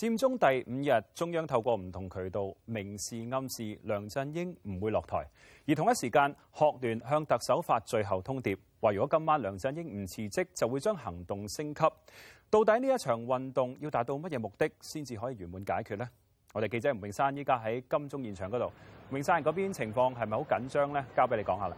佔中第五日，中央透過唔同渠道明示暗示梁振英唔會落台。而同一時間，學聯向特首發最後通牒，話如果今晚梁振英唔辭職，就會將行動升級。到底呢一場運動要達到乜嘢目的，先至可以圓滿解決呢？我哋記者吳明山依家喺金鐘現場嗰度，明山嗰邊情況係咪好緊張呢？交俾你講下啦。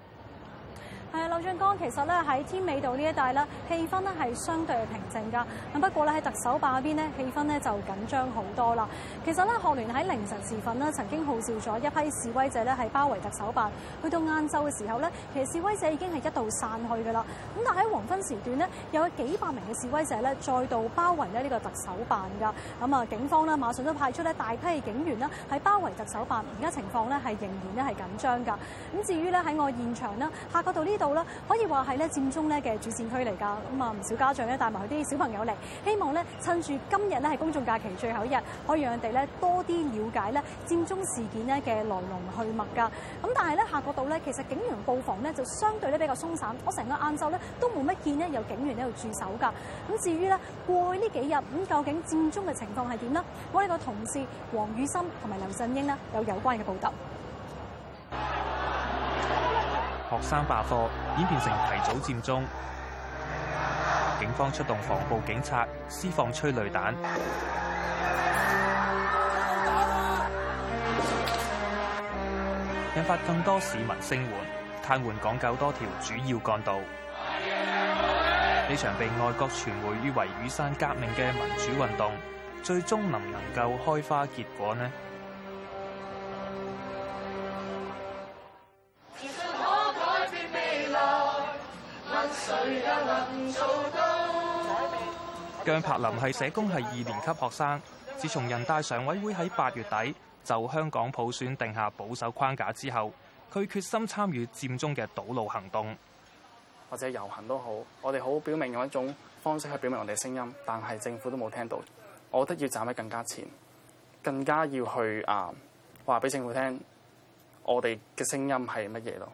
誒，劉俊光其實咧喺天美道呢一帶呢，氣氛咧係相對平靜噶。咁不過咧喺特首辦邊呢，氣氛咧就緊張好多啦。其實呢，學聯喺凌晨時分咧，曾經號召咗一批示威者呢，喺包圍特首辦。去到晏晝嘅時候呢，其實示威者已經係一度散去嘅啦。咁但喺黃昏時段呢，有幾百名嘅示威者呢，再度包圍咧呢個特首辦噶。咁啊，警方呢，馬上都派出咧大批嘅警員呢，喺包圍特首辦。而家情況呢，係仍然咧係緊張噶。咁至於呢，喺我現場呢，下角度呢？到啦，可以話係咧佔中咧嘅主戰區嚟㗎，咁啊唔少家長咧帶埋佢啲小朋友嚟，希望咧趁住今日咧係公眾假期最後一日，可以讓佢哋咧多啲了解咧佔中事件咧嘅來龍去脈㗎。咁但係咧夏慤道咧，其實警員佈防咧就相對咧比較鬆散，我成個晏晝咧都冇乜見咧有警員喺度駐守㗎。咁至於咧過去呢幾日，咁究竟佔中嘅情況係點呢？我哋個同事黃宇心同埋劉振英呢，有有關嘅報導。學生罷課演變成提早佔中，警方出動防暴警察施放催淚彈 引發更多市民聲援，癱瘓港九多條主要幹道。呢 場被外國傳媒譽為雨傘革命嘅民主運動，最終能唔能夠開花結果呢？誰能做姜柏林係社工，係二年級學生。自從人大常委會喺八月底就香港普選定下保守框架之後，佢決心參與佔中嘅堵路行動，或者遊行都好。我哋好表明用一種方式去表明我哋嘅聲音，但係政府都冇聽到。我覺得要站得更加前，更加要去啊話俾政府聽，我哋嘅聲音係乜嘢咯。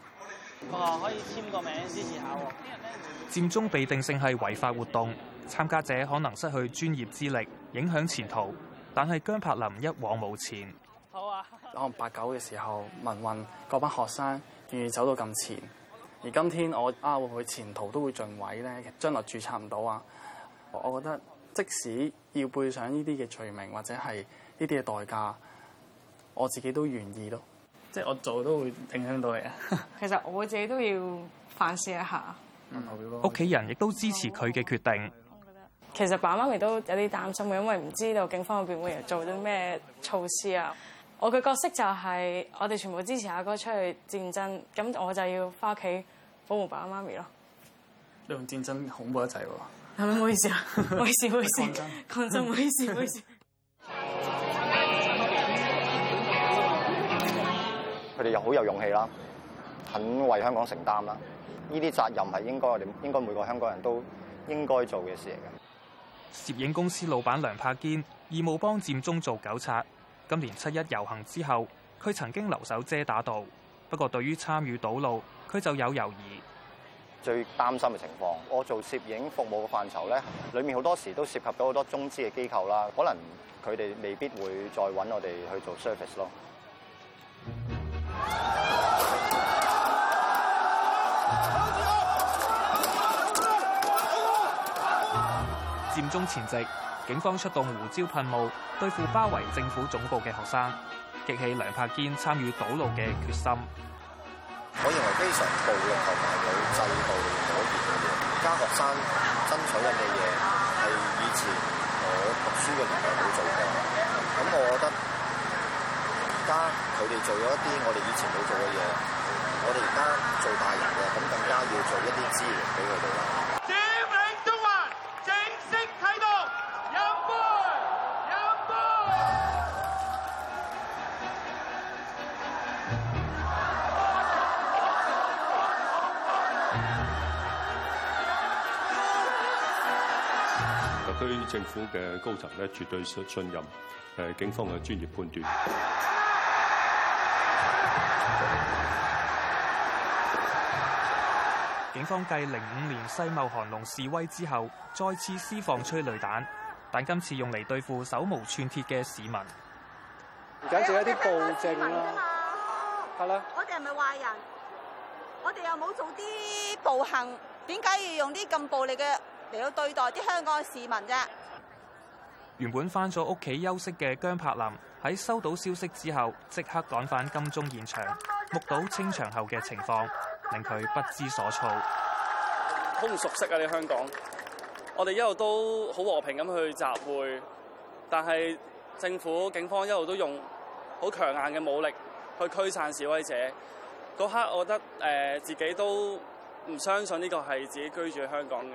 可以簽個名支持下喎。佔中被定性係違法活動，參加者可能失去專業資歷，影響前途。但係姜柏林一往無前。好啊！可能八九嘅時候民運嗰班學生願意走到咁前，而今天我啊會唔會前途都會盡毀咧？將來註冊唔到啊！我覺得即使要背上呢啲嘅罪名或者係呢啲嘅代價，我自己都願意咯。即係我做都會影響到你啊！ 其實我自己都要反思一下。嗯，屋企人亦都支持佢嘅決定。嗯、其實爸爸媽咪都有啲擔心嘅，因為唔知道警方嗰邊會做啲咩措施啊。我嘅角色就係、係、我哋全部支持阿哥出去戰爭，咁我就要返屋企保護爸爸媽咪咯。你用戰爭恐怖一陣喎？係咪唔好意思啊？唔好意思，唔好意思，講 真唔好意思，唔好意思。又好有勇氣啦，肯為香港承擔啦，呢啲責任係應該我哋應該每個香港人都應該做嘅事嚟嘅。攝影公司老闆梁柏堅義務幫佔中做九策。今年七一遊行之後，佢曾經留守遮打道，不過對於參與堵路，佢就有猶豫。最擔心嘅情況，我做攝影服務嘅範疇咧，裡面好多時都涉及到好多中資嘅機構啦，可能佢哋未必會再揾我哋去做 service 咯。佔中前夕，警方出動胡椒噴霧對付包圍政府總部嘅學生，激起梁柏堅參與堵路嘅決心。我認為非常暴力同埋佢制度可言嘅。而家學生爭取緊嘅嘢係以前我讀書嘅年代冇做嘅。咁我覺得而家佢哋做咗一啲我哋以前冇做嘅嘢，我哋而家做大人嘅，咁更加要做一啲支援俾佢哋啦。特區政府嘅高層咧，絕對信信任誒警方嘅專業判斷。警方繼零五年世貿韓農示威之後，再次施放催淚彈。但今次用嚟對付手無寸鐵嘅市民，簡做一啲暴政係啦，我哋係咪壞人？我哋又冇做啲暴行，點解要用啲咁暴力嘅嚟去對待啲香港嘅市民啫？原本翻咗屋企休息嘅姜柏林喺收到消息之後，即刻趕返金鐘現場，目睹清場後嘅情況，令佢不知所措。好唔熟悉啊！你香港。我哋一路都好和平咁去集會，但係政府警方一路都用好強硬嘅武力去驅散示威者。嗰刻，我覺得、呃、自己都唔相信呢個係自己居住喺香港嘅。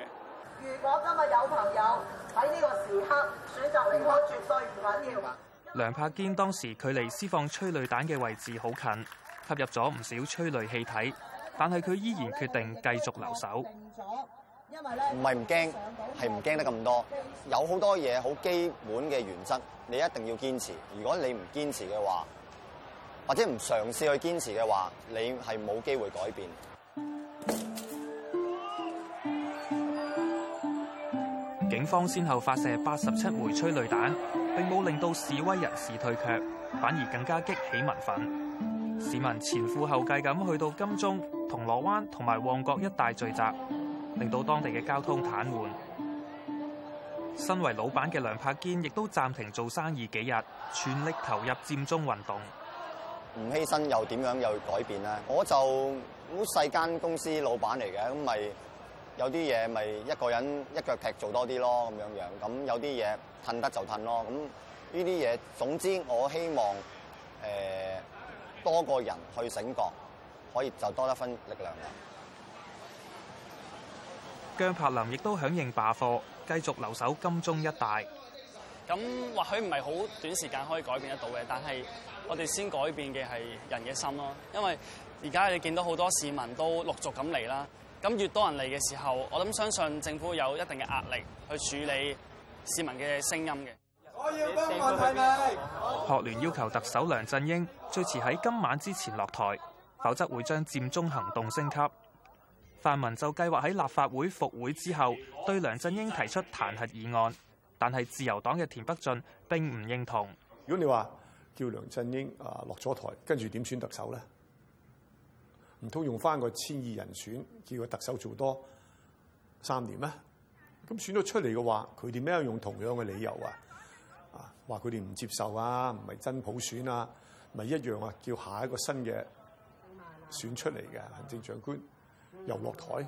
如果今日有朋友喺呢個時刻選擇離開，絕對唔緊要。梁柏堅當時距離施放催淚彈嘅位置好近，吸入咗唔少催淚氣體，但係佢依然決定繼續留守。因為唔係唔驚，係唔驚得咁多。嗯、有好多嘢好基本嘅原則，你一定要堅持。如果你唔堅持嘅話，或者唔嘗試去堅持嘅話，你係冇機會改變、嗯。警方先後發射八十七枚催淚彈，並冇令到示威人士退卻，反而更加激起民憤。市民前赴後繼咁去到金鐘、銅鑼灣同埋旺角一帶聚集。令到當地嘅交通癱瘓，身為老闆嘅梁柏堅亦都暫停做生意幾日，全力投入佔中運動。唔犧牲又點樣又改變咧？我就好細間公司老闆嚟嘅，咁咪有啲嘢咪一個人一腳踢做多啲咯，咁樣樣。咁有啲嘢褪得就褪咯。咁呢啲嘢，總之我希望誒、呃、多個人去醒覺，可以就多一分力量啦。姜柏林亦都響應罷課，繼續留守金鐘一帶。咁或許唔係好短時間可以改變得到嘅，但係我哋先改變嘅係人嘅心咯。因為而家你見到好多市民都陸續咁嚟啦，咁越多人嚟嘅時候，我諗相信政府有一定嘅壓力去處理市民嘅聲音嘅。我要解決問題。學聯要求特首梁振英最遲喺今晚之前落台，否則會將佔中行動升級。泛民就計劃喺立法會復會之後對梁振英提出彈劾議案，但係自由黨嘅田北俊並唔認同。如果你話叫梁振英啊落咗台，跟住點選特首咧？唔通用翻個千二人選叫個特首做多三年咩？咁選咗出嚟嘅話，佢哋咩用同樣嘅理由啊？啊，話佢哋唔接受啊，唔係真普選啊，咪一樣啊，叫下一個新嘅選出嚟嘅行政長官。又落台，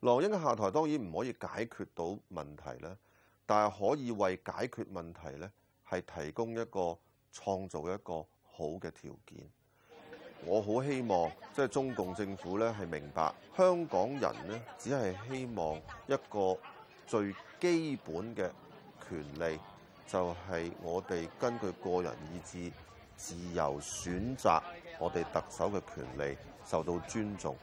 羅英下台當然唔可以解決到問題啦，但係可以為解決問題咧係提供一個創造一個好嘅條件。我好希望即係中共政府咧係明白香港人咧只係希望一個最基本嘅權利，就係我哋根據個人意志自由選擇我哋特首嘅權利受到尊重。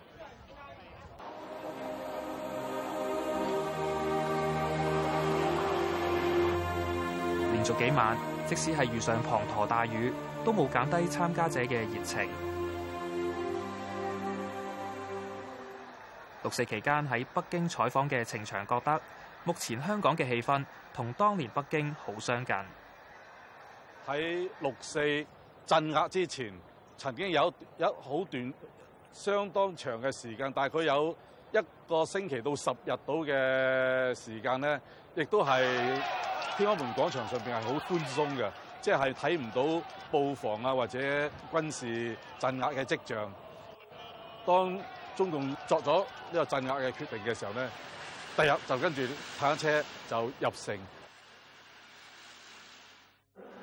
連續幾晚，即使係遇上滂沱大雨，都冇減低參加者嘅熱情。六四期間喺北京採訪嘅程翔覺得，目前香港嘅氣氛同當年北京好相近。喺六四鎮壓之前，曾經有一好段好短相當長嘅時間，大概有一個星期到十日到嘅時間，呢亦都係。天安門廣場上邊係好寬鬆嘅，即係睇唔到布防啊或者軍事鎮壓嘅跡象。當中共作咗呢個鎮壓嘅決定嘅時候呢，第日就跟住坦克車就入城。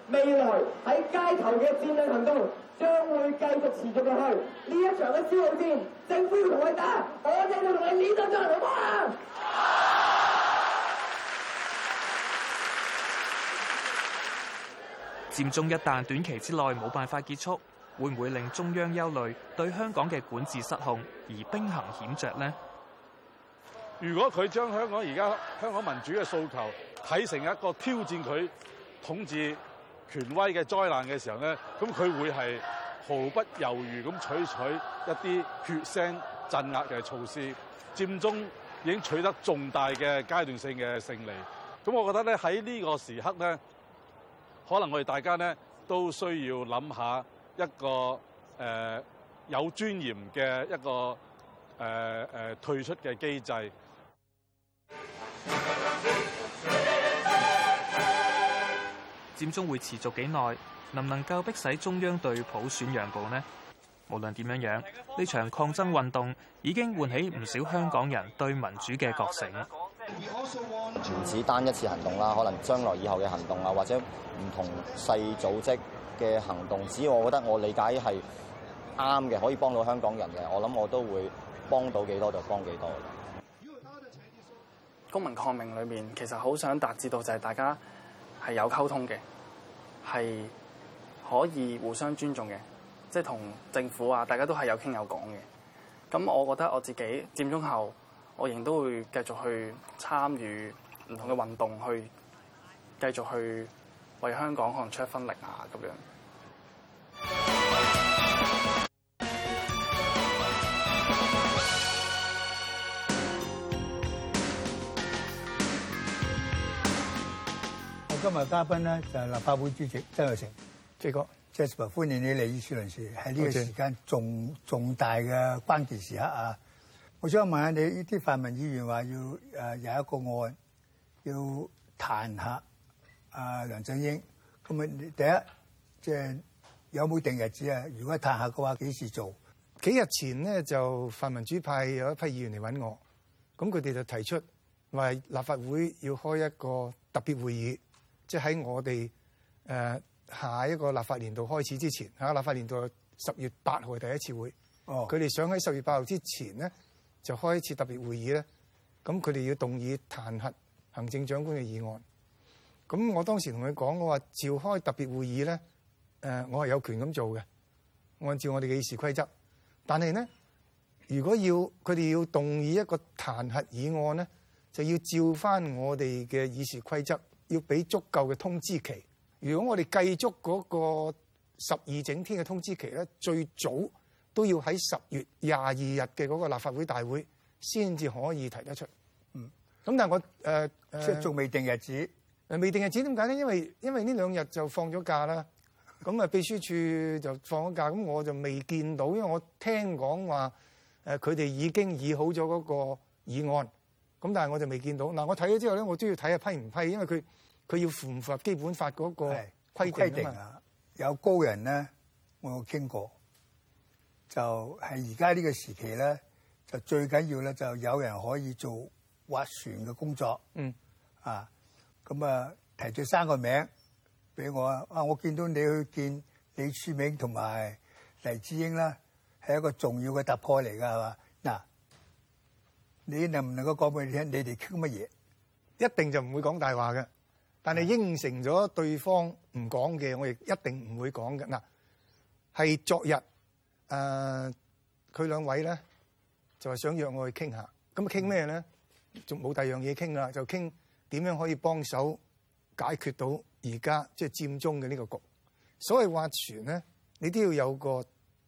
未來喺街頭嘅戰略行動將會繼續持續落去，呢一場嘅消耗戰，政府要同佢打，我哋就同佢戰到最後。佔中一旦短期之內冇辦法結束，會唔會令中央憂慮對香港嘅管治失控而兵行險著呢？如果佢將香港而家香港民主嘅訴求睇成一個挑戰佢統治權威嘅災難嘅時候咧，咁佢會係毫不猶豫咁採取，取一啲血腥鎮壓嘅措施。佔中已經取得重大嘅階段性嘅勝利，咁我覺得咧喺呢個時刻咧。可能我哋大家咧都需要諗下一個誒有尊嚴嘅一個誒誒退出嘅機製。佔中會持續幾耐？能唔能夠迫使中央對普選讓步呢？無論點樣樣，呢場抗爭運動已經喚起唔少香港人對民主嘅覺醒。唔止單一次行動啦，可能將來以後嘅行動啊，或者唔同細組織嘅行動，只要我覺得我理解係啱嘅，可以幫到香港人嘅，我諗我都會幫到幾多就幫幾多。公民抗命裏面，其實好想達至到就係大家係有溝通嘅，係可以互相尊重嘅，即係同政府啊，大家都係有傾有講嘅。咁我覺得我自己佔中後，我仍都會繼續去參與。唔同嘅運動去繼續去為香港可能出一分力啊！咁樣我今日嘉賓咧就係立法會主席曾鈺成，即係個 Jasper，歡迎你嚟議事論事，喺呢個時間重重大嘅關鍵時刻啊！我想問下你，呢啲泛民議員話要誒有一個案。要彈劾啊！梁振英咁啊，第一即係、就是，有冇定日子啊？如果係彈劾嘅話幾時做？幾日前咧，就泛民主派有一批議員嚟搵我，咁佢哋就提出話立法會要開一個特別會議，即係喺我哋誒、呃、下一個立法年度開始之前嚇。下立法年度十月八號第一次會哦，佢哋想喺十月八號之前咧就開一次特別會議咧，咁佢哋要動議彈劾。行政長官嘅議案，咁我當時同佢講，我話召開特別會議呢，誒、呃，我係有權咁做嘅，按照我哋嘅議事規則。但係呢，如果要佢哋要動議一個彈劾議案呢，就要照翻我哋嘅議事規則，要俾足夠嘅通知期。如果我哋計足嗰個十二整天嘅通知期呢，最早都要喺十月廿二日嘅嗰個立法會大會先至可以提得出。咁但係我誒誒仲未定日子，誒未定日子點解咧？因為因為呢兩日就放咗假啦，咁啊秘書處就放咗假，咁 我就未見到，因為我聽講話誒佢哋已經擬好咗嗰個議案，咁、嗯、但係我就未見到。嗱、呃、我睇咗之後咧，我都要睇下批唔批，因為佢佢要符唔符合基本法嗰個規定,規定啊有高人咧，我有傾過，就係而家呢個時期咧，就最緊要咧，就有人可以做。划船嘅工作，嗯，啊，咁啊提咗三個名俾我啊，我見到你去見李柱銘同埋黎智英啦，係一個重要嘅突破嚟噶，係嘛？嗱，你能唔能夠講俾我聽？你哋傾乜嘢？一定就唔會講大話嘅，但係應承咗對方唔講嘅，我亦一定唔會講嘅。嗱，係昨日，誒，佢兩位咧就係想約我去傾下，咁啊傾咩咧？仲冇第二樣嘢傾啦，就傾點樣可以幫手解決到而家即係佔中嘅呢個局。所謂斡旋咧，你都要有個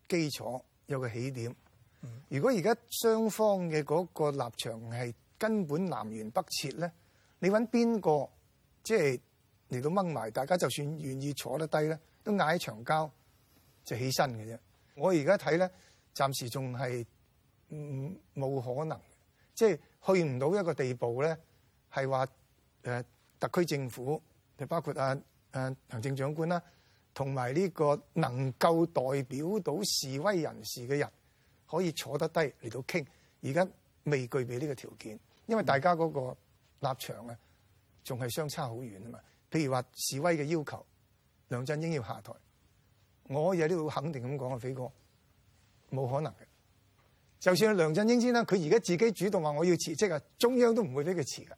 基礎，有個起點。如果而家雙方嘅個立場係根本南轅北轍咧，你揾邊個即係嚟到掹埋大家，就算願意坐得低咧，都嗌一場交就起身嘅啫。我而家睇咧，暫時仲係嗯冇可能。即係去唔到一個地步咧，係話誒特區政府，就包括啊誒、呃、行政長官啦、啊，同埋呢個能夠代表到示威人士嘅人，可以坐得低嚟到傾，而家未具備呢個條件，因為大家嗰個立場啊，仲係相差好遠啊嘛。譬如話示威嘅要求，梁振英要下台，我可以喺呢度肯定咁講啊，飛哥冇可能嘅。就算梁振英先啦，佢而家自己主動話我要辭職啊，中央都唔會俾佢辭嘅，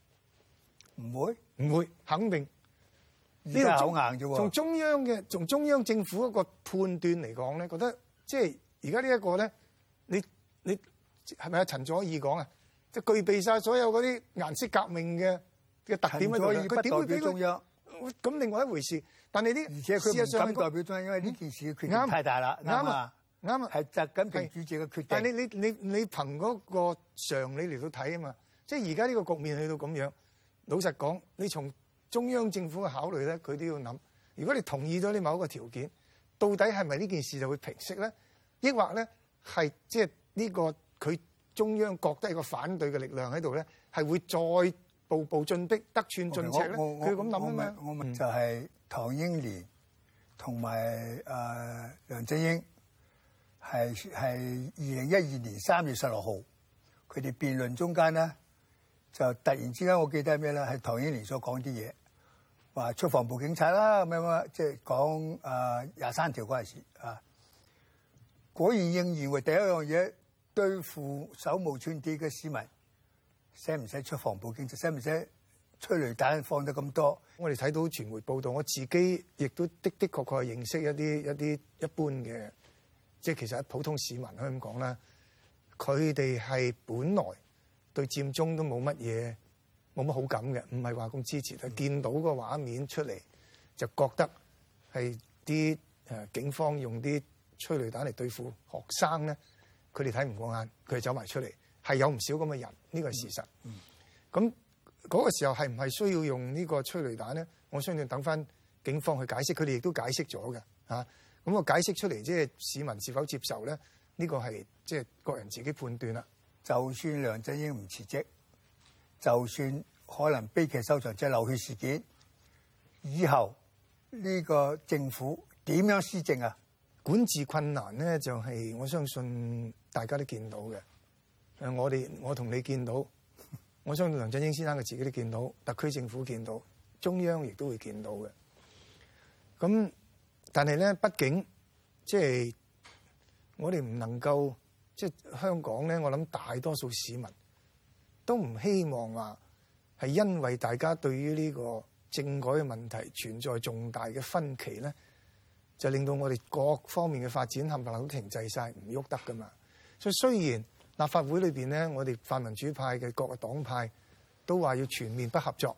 唔會，唔會，肯定呢度走硬啫喎。從中央嘅，從中央政府的一個判斷嚟講咧，覺得即係而家呢一個咧，你你係咪啊？陳佐義講啊，即係具備晒所有嗰啲顏色革命嘅嘅特點，佢點會代表中央？咁另外一回事。但係啲事實上唔代表中央，因為呢件事嘅權力太大啦，啱、嗯、嘛？啱啊，係習近平主席嘅決定。但係你你你你憑嗰個常理嚟到睇啊嘛，即係而家呢個局面去到咁樣，老實講，你從中央政府嘅考慮咧，佢都要諗。如果你同意咗呢某一個條件，到底係咪呢件事就會平息咧？抑或咧係即係、這、呢個佢中央覺得一個反對嘅力量喺度咧，係會再步步進逼，得寸進尺咧？佢咁諗嘅咩？我就我，我，問我問就係唐英年同埋誒梁振英。係係二零一二年三月十六號，佢哋辯論中間咧，就突然之間，我記得係咩咧？係唐英年所講啲嘢，話出防暴警察啦，咁樣即係講誒廿三條嗰陣時啊。果然應驗為第一樣嘢，對付手無寸鐵嘅市民，使唔使出防暴警察？使唔使催淚彈放得咁多？我哋睇到傳媒報道，我自己亦都的的確確係認識一啲一啲一般嘅。即係其實喺普通市民，可以咁講啦，佢哋係本來對佔中都冇乜嘢，冇乜好感嘅，唔係話咁支持。佢、嗯、見到個畫面出嚟，就覺得係啲誒警方用啲催淚彈嚟對付學生咧，佢哋睇唔過眼，佢哋走埋出嚟，係有唔少咁嘅人，呢、個係事實。咁、嗯、嗰、嗰個時候係唔係需要用呢個催淚彈咧？我相信等翻警方去解釋，佢哋亦都解釋咗嘅吓。啊。咁我解釋出嚟，即係市民是否接受咧？呢個係即係各人自己判斷啦。就算梁振英唔辭職，就算可能悲劇收場，即係流血事件，以後呢個政府點樣施政啊？管治困難咧，就係我相信大家都見到嘅。誒，我哋我同你見到，我相信梁振英先生佢自己都見到，特區政府見到，中央亦都會見到嘅。咁。但係咧，畢竟即係、就是、我哋唔能夠，即、就、係、是、香港咧，我諗大多數市民都唔希望話係因為大家對於呢個政改嘅問題存在重大嘅分歧咧，就令到我哋各方面嘅發展冚唪唥都停滯晒，唔喐得噶嘛。所以雖然立法會裏面咧，我哋泛民主派嘅各個黨派都話要全面不合作、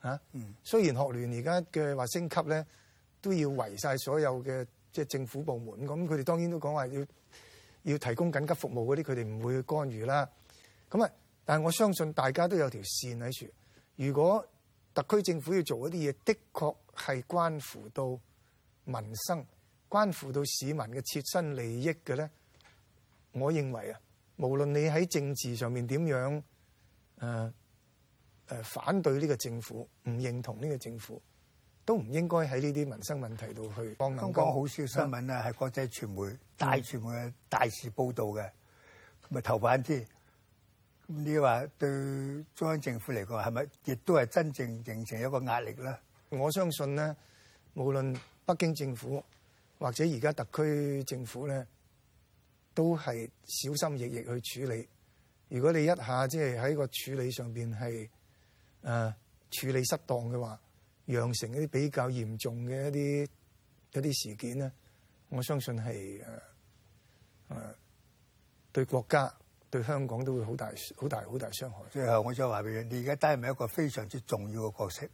吓嗯、雖然學聯而家嘅話升級咧。都要圍晒所有嘅即係政府部門，咁佢哋當然都講話要要提供緊急服務嗰啲，佢哋唔會去干預啦。咁啊，但係我相信大家都有條線喺處，如果特區政府要做一啲嘢，的確係關乎到民生，關乎到市民嘅切身利益嘅咧，我認為啊，無論你喺政治上面點樣誒誒、呃呃、反對呢個政府，唔認同呢個政府。都唔應該喺呢啲民生問題度去放冷光。香港好少新聞啊，係國際傳媒、大傳媒嘅大事報導嘅，咪、嗯、頭版啲，咁你話對中央政府嚟講係咪亦都係真正形成一個壓力咧？我相信咧，無論北京政府或者而家特區政府咧，都係小心翼翼去處理。如果你一下即係喺個處理上邊係誒處理失當嘅話，釀成一啲比較嚴重嘅一啲一啲事件咧，我相信係誒誒對國家對香港都會好大好大好大傷害。最後我就話俾你，你而家擔任一個非常之重要嘅角色，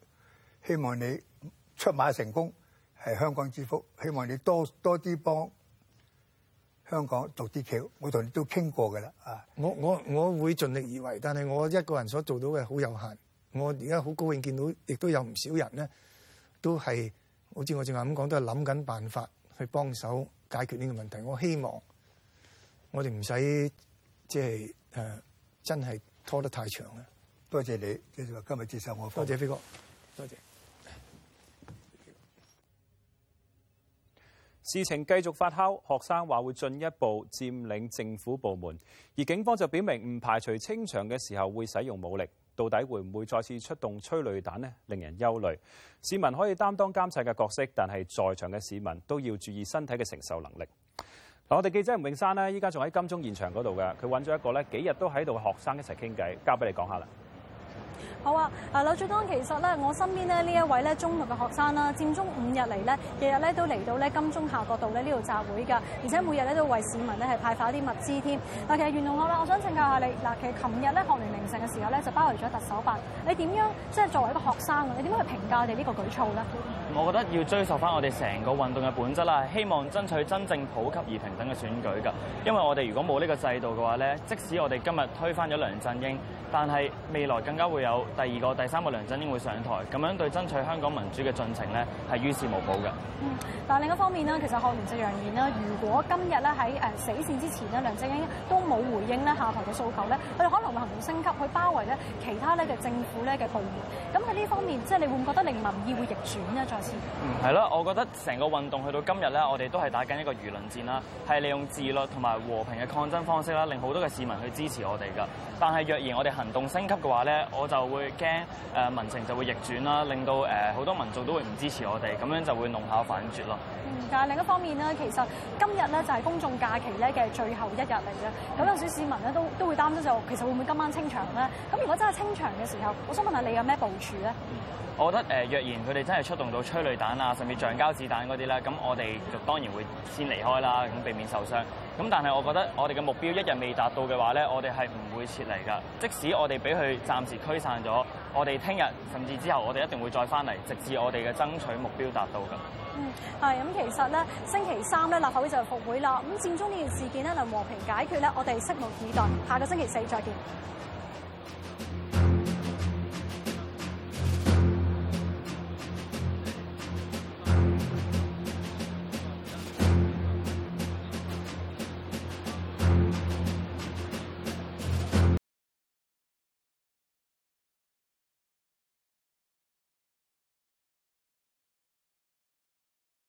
希望你出馬成功係香港之福。希望你多多啲幫香港做啲橋，我同你都傾過嘅啦啊！我我我會盡力而為，但係我一個人所做到嘅好有限。我而家好高興見到，亦都有唔少人咧，都係好似我正話咁講，都係諗緊辦法去幫手解決呢個問題。我希望我哋唔使即係誒，真係拖得太長啦。多謝你，繼續話今日接受我。多謝飛哥，多謝。事情繼續發酵，學生話會進一步佔領政府部門，而警方就表明唔排除清場嘅時候會使用武力。到底會唔會再次出動催淚彈呢？令人憂慮。市民可以擔當監察嘅角色，但係在場嘅市民都要注意身體嘅承受能力。嗱、嗯，我哋記者吳榮山呢、啊，依家仲喺金鐘現場嗰度嘅，佢揾咗一個咧，幾日都喺度學生一齊傾偈，交俾你講下啦。好啊！嗱，李俊江，其實咧，我身邊咧呢一位咧中六嘅學生啦，佔中五日嚟咧，日日咧都嚟到咧金鐘夏慤道咧呢度集會㗎，而且每日咧都為市民咧係派發一啲物資添。嗱，其實袁同學啦，我想請教下你，嗱，其實琴日咧學聯凌晨嘅時候咧就包圍咗特首辦，你點樣即係作為一個學生啊？你點樣去評價我哋呢個舉措咧？我覺得要追溯翻我哋成個運動嘅本質啦，希望爭取真正普及而平等嘅選舉㗎。因為我哋如果冇呢個制度嘅話咧，即使我哋今日推翻咗梁振英，但係未來更加會有第二個、第三個梁振英會上台，咁樣對爭取香港民主嘅進程咧係於事無補㗎。嗯，但另一方面呢，其實學聯就揚言啦，如果今日咧喺誒死線之前咧，梁振英都冇回應咧下台嘅訴求咧，佢哋可能會行動升級，去包圍咧其他咧嘅政府咧嘅對象。咁喺呢方面，即係你會唔會覺得令民意會逆轉呢？在係、嗯、咯，我覺得成個運動去到今日咧，我哋都係打緊一個輿論戰啦，係利用自律同埋和平嘅抗爭方式啦，令好多嘅市民去支持我哋㗎。但係若然我哋行動升級嘅話咧，我就會驚誒、呃、民情就會逆轉啦，令到誒好、呃、多民眾都會唔支持我哋，咁樣就會弄巧反拙咯、嗯。但係另一方面咧，其實今日咧就係公眾假期咧嘅最後一日嚟嘅。咁有少少市民咧都都會擔心就其實會唔會今晚清場咧？咁如果真係清場嘅時候，我想問下你有咩部署咧？我覺得誒、呃，若然佢哋真係出動到催淚彈啊，甚至橡膠子彈嗰啲咧，咁我哋就當然會先離開啦，咁避免受傷。咁但係我覺得我哋嘅目標一日未達到嘅話咧，我哋係唔會撤離噶。即使我哋俾佢暫時驅散咗，我哋聽日甚至之後，我哋一定會再翻嚟，直至我哋嘅爭取目標達到噶。嗯，係。咁其實咧，星期三咧，立法會就復會啦。咁佔中呢件事件咧，能和平解決咧，我哋拭目以待。下個星期四再見。